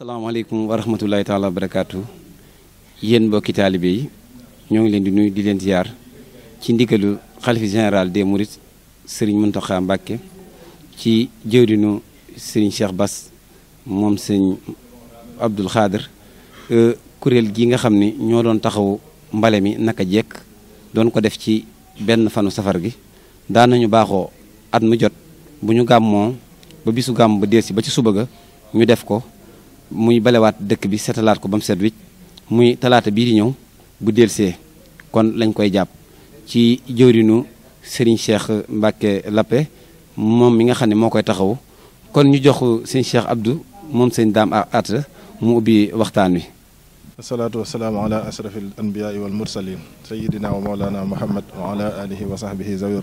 salaamaaleykum wa rahmatulahi taala wa barakaatu yéen mbokki taalibe yi ñoo ngi leen di nuyu di leen di ziar ci ndigalu xalif général des Mourides sëriñ Muntaxa Mbàkke ci jëwriñu sëriñ Cheikh bas moom sëriñ Abdul Xaadir euh, kuréel gi nga xam ni ñoo doon taxawu mbale mi naka jekk doon ko def ci benn fanu safar gi daan ñu baaxoo at mu jot bu ñu gàmmoo ba bisu gàmm ba dee si ba ci suba ga ñu def ko muy balewaat dëkk bi setalaat ko ba mu set wicc muy talaata bii di ñëw bu delsee kon lañ koy jàpp ci jëwrinu Serigne Cheikh Mbacke Lappe moom mi nga xam ne moo koy taxaw kon ñu jox sëñ Cheikh Abdou moom sëñ Daam Atta mu ubbi waxtaan wi asalaatu wasalaamu ala asrafil anbiyaai wal mursalin sayidina wa maulana muhammad wa ala alihi wa sahbihi zawi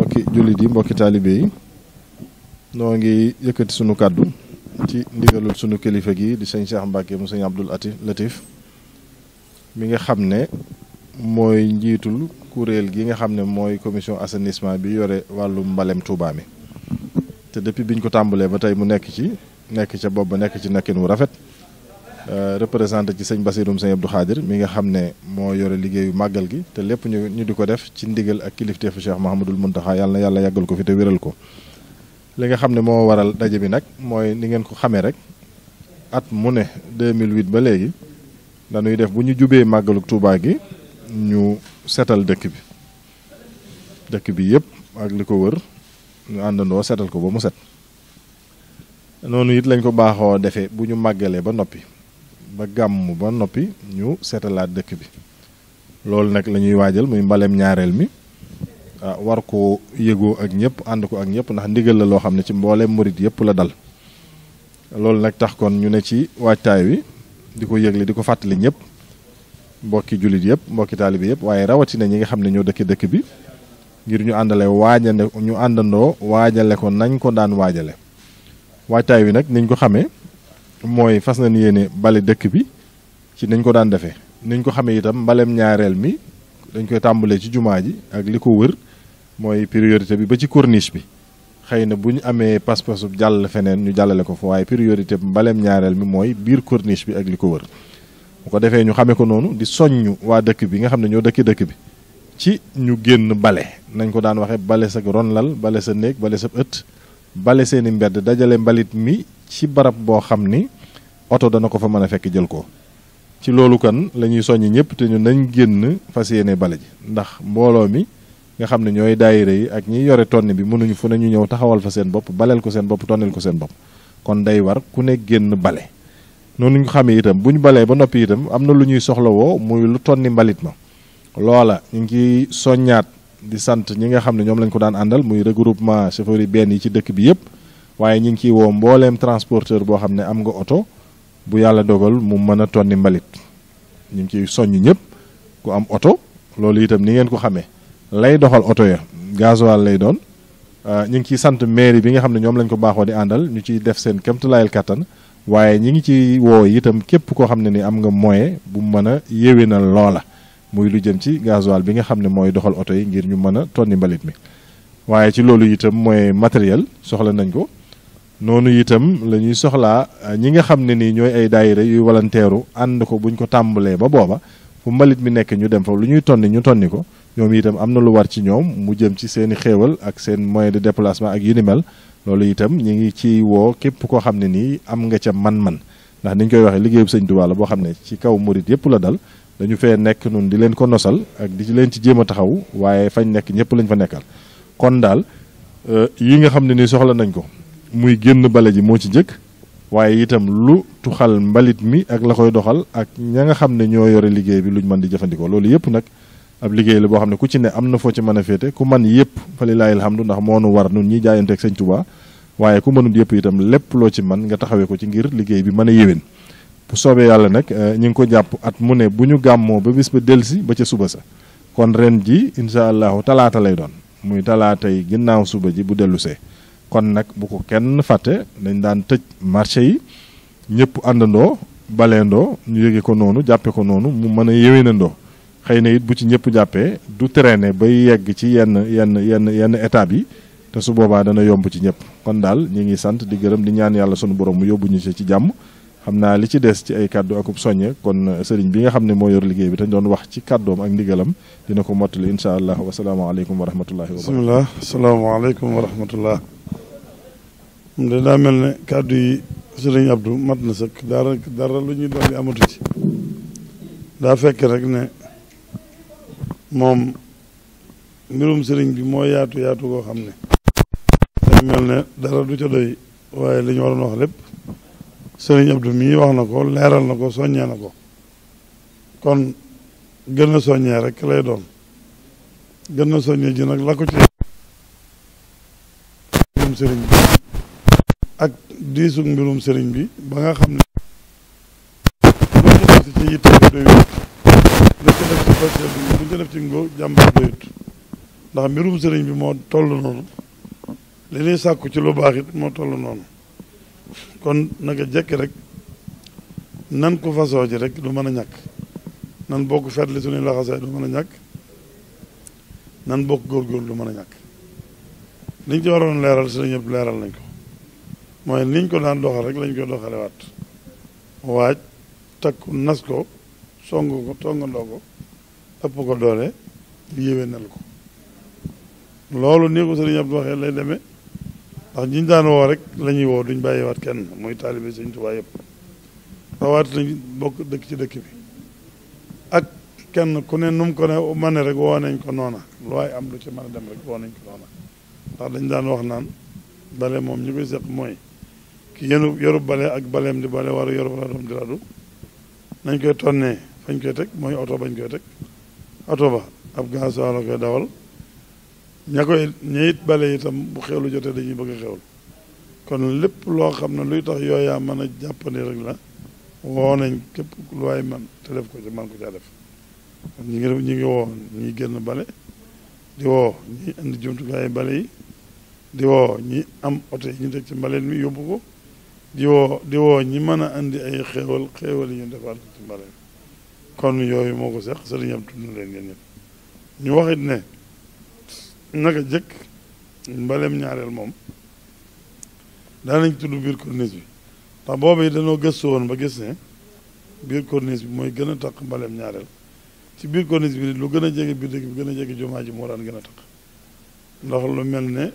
mbokki jullit yi mbokki taalibe yi noo ngi yëkkati sunu kàddu ci ndigalul sunu kilifa gi di sëñ Cheikh Mbacke mu sëñ Abdul Ati Latif mi nga xam ne mooy njiitul kuréel gi nga xam ne mooy commission assainissement bi yore wàllu mbalem Touba mi te depuis biñ ko tàmbalee ba tey mu nekk ci nekk ca bopp ba nekk ci nekkin wu rafet Euh, représenté ci sëñ Basirum sëñ Abdou Khadir mi nga xam ne moo yore liggéeyu màggal gi te lépp ñu ñu di ko def ci ndigal ak kilifteefu Cheikh Mahamadul Muntaxa yàlla na yàlla yàggal ko fi te wéral ko li nga xam ne moo waral daje bi nag mooy ni ngeen ko xamee rek at mu ne 2008 ba léegi dañuy def bu ñu jubee màggalu Touba gi ñu setal dëkk bi dëkk bi yëpp ak li ko wër ñu àndandoo setal ko ba mu set noonu it lañ ko baaxoo defee bu ñu màggalee ba noppi ba gàmm ba noppi ñu seetalaat dëkk bi loolu nag lañuy waajal muy mbaleem ñaareel mi ah, war ko yëgoo ak ñëpp ànd ko ak ñëpp ndax ndigal la loo xam ne ci mbooleem murit yëpp la dal loolu nag tax kon ñu ne ci waajtaay wi di ko yëg yëgle di ko fàttali ñëpp mbokki jullit yëpp mbokki taalibi yëpp waaye rawatina ñi nga xam ne ñoo dëkk dëkk bi ngir ñu àndale waajande ñu àndandoo waajale ko nañ ko daan waajale waajtaay wi nag niñ ko xamee mooy fas na nañ yéene bale dëkk bi ci nañ ko daan defee niñ ko xamee itam mbalem ñaareel mi dañ koy tàmbalee ci jumaa ji ak li ko wër mooy priorité bi ba ci corniche bi xëy na bu ñu amee pas-pasu jàll feneen ñu jàllale ko fa waaye priorité bi mbalem ñaareel mi mooy biir corniche bi ak li ko wër bu ko defee ñu xamee ko noonu di soññ waa dëkk bi nga xam ne ñoo dëkki dëkk bi ci ñu génn bale nañ ko daan waxee bale sa lal bale sa néeg bale sa ëtt bale seeni mbedd dajale mbalit mi ci barab boo xam ni oto dana ko fa mën a fekk jël ko ci loolu kan la ñuy soññ ñëpp te ñu nañ génn fas yéene bale ji ndax mbooloo mi nga xam ne ñooy daay yi ak ñiy yore tonne bi mënuñu fu ne ñu ñëw taxawal fa seen bopp baleel ko seen bopp tonnel ko seen bopp kon day war ku ne génn bale noonu ñu xamee itam bu ñu balee ba noppi itam am na lu ñuy soxlawoo muy lu tonni mbalit ma loola ñu ngi soññaat di sant ñi nga xam ne ñoom lañ ko daan àndal muy regroupement chauffeur benn yi ci dëkk bi yëpp waaye ñu ngi ciy woo mbooleem transporteur boo xam ne am nga oto bu yàlla dogal mu mën a tonni mbalit ñu ngi ciy soññ ñëpp ku am oto loolu itam ni ngeen ko xamee lay doxal oto ya gasoil lay doon euh, ñu ngi ciy sant mairie bi nga xam ne ñoom lañ ko baaxoo di àndal ñu ciy def seen kéemtulaayal kattan waaye ñi ngi ci woo itam képp koo xam ne ni am nga moyen bu mën a yéwénal loola muy lu jëm ci gasoil bi nga xam ne mooy doxal oto yi ngir ñu mën a tonni mbalit mi waaye ci loolu itam mooy matériel soxla nañ ko noonu itam la ñuy soxlaa euh, ñi nga xam ne nii ñooy ay daayira yuy walanteeru ànd ko buñ ko tàmbalee ba booba fu mbalit mi nekk ñu dem fa lu ñuy tonni ñu tonni ko ñoom itam am na lu war ci ñoom mu jëm ci seen i xéewal ak seen moyen de déplacement ak yu ni mel loolu itam ñi ngi ci woo képp koo xam ne nii am nga ca man-man ndax niñ koy waxee liggéeyub sëñ Tuubaa la boo xam ne ci kaw morit yëpp la dal dañu fee nekk nun di leen ko nosal ak di leen ci jéem a taxaw waaye fañ nekk ñëpp lañ fa nekkal kon daal euh, yi nga xam ne nii soxla nañ ko muy génn bale ji moo ci jëkk waaye itam lu tuxal mbalit mi ak la koy doxal ak ña nga xam ne ñoo yore liggéey bi luñ mën di jëfandikoo loolu yëpp nag ab liggéey la boo xam ne ku ci ne am na foo ci mën a féete ku man yëpp fa lilahi alhamdu ndax moo nu war nun ñi jaayanteeg sëñ Tuubaa waaye ku mënut yëpp itam lépp loo ci man nga taxawee ko ci ngir liggéey bi mën a yéwén bu soobee yàlla nag euh, ñu ngi ko jàpp at mu ne bu ñu gàmmoo ba bis ba delsi ba ca suba sa kon ren ji incha allahu talaata lay doon muy talaatay ginnaaw suba ji bu dellusee kon nag bu ko kenn fàtte dañ daan tëj marché yi ñëpp àndandoo baleendoo ñu yëge ko noonu jàppe ko noonu mu mën a yéwénandoo xëy na it bu ci ñëpp jàppee du traîner ba yegg ci yenn yenn yenn yenn étape bi te su boobaa dana yomb ci ñëpp kon daal ñu ngi sant di gërëm di ñaan yàlla sunu borom mu yóbbu ñu se ci jàmm xam naa li ci des ci ay kàddu akub soññe kon uh, sëriñ bi nga xam ne moo yor liggéey bi te doon wax ci kàddoom ak ndigalam dina ko mottali incha allah wasalaamaaleykum wa rahmatullahi wa barakatuh bismillah asalaamaaleykum wa rahmatullah moom de daa mel ne kàddu yi sëriñ abdu mat na sëkk dara dara lu ñuy dolli amatu ci daa fekk rek ne moom mbirum sëriñ bi moo yaatu yaatu koo xam ne daa mel ne dara du ca doy waaye li ñu waroon wax lépp sëriñ Abdou mii wax na ko leeral na ko soññee na ko kon gën a soññee rek lay doon gën a soññee ji nag la ko ci mbirum sëriñ bi ak diisug mbirum sëriñ bi ba nga xam ne buñ ci def si ci yitte doyut ndax mbirum sëriñ bi moo toll noonu li ñuy sàkku ci lu baax moo toll noonu kon naka jekk rek nan ko fasoo ji rek du mën a ñàkk nan bokk fetli suñuy laxasaay du mën a ñàkk nan bokk góorgóorlu du mën a ñàkk liñ ci waroon leeral si la leeral nañ ko mooy liñ ko daan doxal rek lañ ko doxalewaat waaj takku nas ko song ko tongandoo ko ëpp ko doole yéwénal ko loolu nii ko sëriñ Abdou waxee lay deme ndax ñi ñu daan woo rek la ñuy woo duñ bàyyiwaat kenn mooy taalibe sëñ Tuubaa yëpp rawaat nañ bokk dëkk ci dëkk bi ak kenn ku ne num ko ne mën rek woo nañ ko noona lu waaye am lu ci mën a dem rek woo nañ ko noona ndax dañ daan wax naan bale moom ñi koy seq mooy ki yenu yoru bale ak baleem di bale war a yoru radoom di radu nañ koy tonnee fañ koy teg mooy oto bañ koy teg oto ba ab gaz la koy dawal ña koy ñeit bale itam bu xewlu jotee dañuy bëgg a xewlu kon lépp loo xam ne luy tax yooyaa mën a jàppandi rek la woo nañ képp lu waay man te def ko ci man ko caa def kon ñi ngi ñi ñi génn bale di woo ñi indi jumtukaay bale yi di woo ñi am oto yi ñu teg ci mbaleen mi yóbbu ko diwoo woo di woo ñi mën a indi ay xéewal xéewal yi ñu defal ko ci mbareem kon yooyu moo ko seq sëriñ am tudd na leen ngeen ñëpp ñu wax it ne naka jëkk mbaleem ñaareel moom daanañ tudd biir corniche bi ndax boobu yi dañoo gëstu woon ba gis ne biir corniche bi mooy gën a taq mbaleem ñaareel ci biir corniche bi lu gën a jege biir dëkk bi gën a jege jumaa ji moo daan gën a taq ndax lu mel ne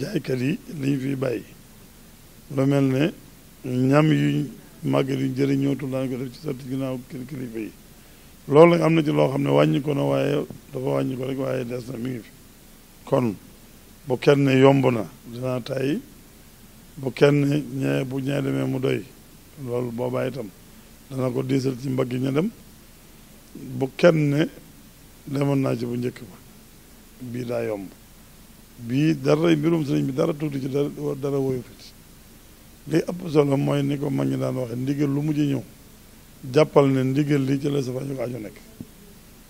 jaaykat yi li ñu fiy bàyyi lu mel ne ñam yu màggal yu jëriñootu daañu ko def ci sat ginnaaw kër kilifa yi loolu nag am na ci loo xam ne wàññi na waaye dafa wàññi ko rek waaye des na mi ngi fi kon bu kenn ne yomb na dinaa tàyyi kenn ñee bu ñee demee mu doy loolu boobaa itam ko diisal ci mbagg ña dem bu kenn ne demoon naa ci bu njëkk ba bii daa yomb bii dara mbirum sëriñ bi dara tuuti ci dara dara woyu fit li ëpp solo mooy ni ko mag ñi daan waxee ndigal lu mu mujj ñëw jàppal ne ndigal li ci la sa fañu ko aju nekk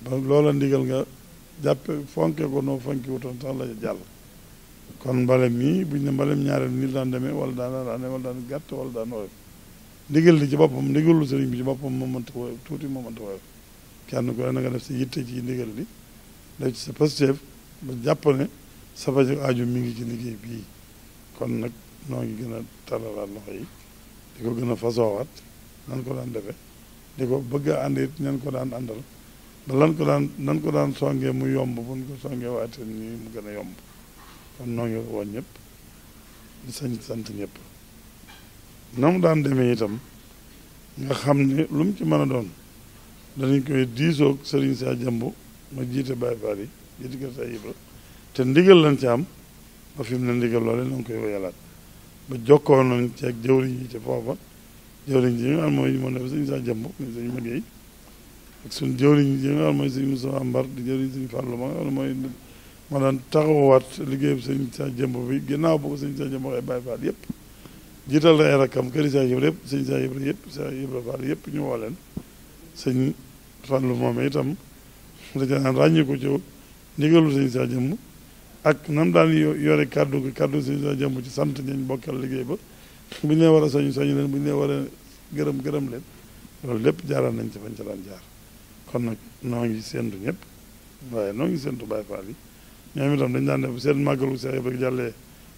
donc loola ndigal nga jàppe fonke ko noo fonki wutoon sax la jàll kon mbalem mi bu ne mbalem ñaareel nii daan demee wala daan daane wala daan gàtt wala daan woyof ndigal li ci boppam ndigal lu sëriñ bi ci boppam moo mënta woyof tuuti moo mënta woyof kenn ku ne na def si yitte ci ndigal li def ci sa positif ba jàpp ne sa ko aju mi ngi ci liggéey bii noo ngi gën a talalaat loxo yi di ko gën a fasoowaat nan ko daan defee di ko bëgg ànd it nan ko daan àndal ba lan ko daan nan ko daan songee mu yomb buñ ko songee waate nii mu gën a yomb kon noo ngi woon ñëpp di sant ñëpp na mu daan demee itam nga xam ni lu mu ci mën a doon danañ koy diisoog sëriñ saa jëmb ma jiite Baay Faal yi jiite kër Saa Ibra te ndigal lañ ci am ba fi mu ne ndigal loole na koy wéyalaat ba jokkoo nañ ci ak jëwriñ yi ci foofa jëwriñ ji nga mooy moo nekk suñu saa jëmb muy suñu mag yi ak suñu jëwriñ ji nga mooy suñu Moussa Mbar di jëwriñ suñu Fallou ma nga xam ne mooy ma daan taxawaat liggéeyam suñu saa jëmb bi ginnaaw boo ko suñu saa jëmb waxee Baye Fall yëpp jiital la ay rakkam kër saa yëpp yëpp suñu saa yëpp yëpp saa yëpp Fall yëpp ñu woo leen sëñ Fallou moom itam dañu daan ràññeeku ci ndigalu suñu saa jëmb ak nam daan yore kàddu gi kàddu si jàmm ci sant ñañ bokkal liggéey ba bu ñu leen war a leen bu ñu leen war a gërëm gërëm leen loolu lépp jaaraan nañ ci fañ ca daan jaar kon nag noo ngi séntu ñëpp waaye noo ngi séntu Baay Faal yi ñoom itam dañ daan def seen màggalu Seex Ibra jàllee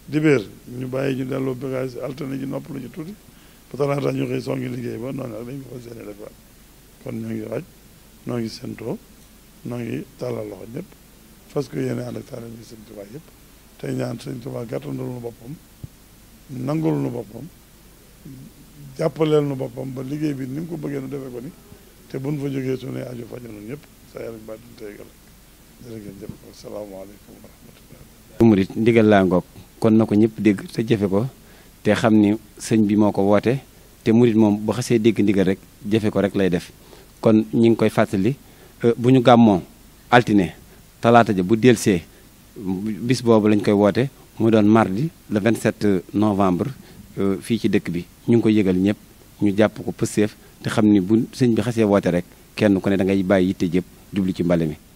dibéer ñu bàyyi ñu delloo bagage alterné ji noppalu ci tuuti ba talaata ñu xëy songi liggéey ba noonu ak dañ ko fas yéene defaat kon ñoo ngi waaj noo ngi séntoo noo ngi tàllal loxo ñëpp parce que yéen ànd ak taalibe bi sëñ Tuubaa yëpp tey ñaan sëñ Tuubaa gàttandul nu boppam nangul nu boppam jàppaleel nu boppam ba liggéey bi ni mu ko bëggee nu defee ko ni te buñ fa jógee suñuy aju faju nun sa yàlla kon na ko ñëpp dégg te jëfe ko te xam ni sëñ bi moo ko woote te murit moom bu xasee dégg ndigal rek jëfe ko rek lay def kon ñi ngi koy fàttali euh, bu ñu gàmmoo altine talaata ja bu delsee bis boobu lañ koy woote mu doon mardi le 27 novembre euh, fii ci dëkk bi ñu ngi ko yëgal ñëpp ñu jàpp ko pëseef te xam ni bu sëñ bi xasee woote rek kenn ku ne da ngay bàyyi yitte jëpp jubli ci mbale mi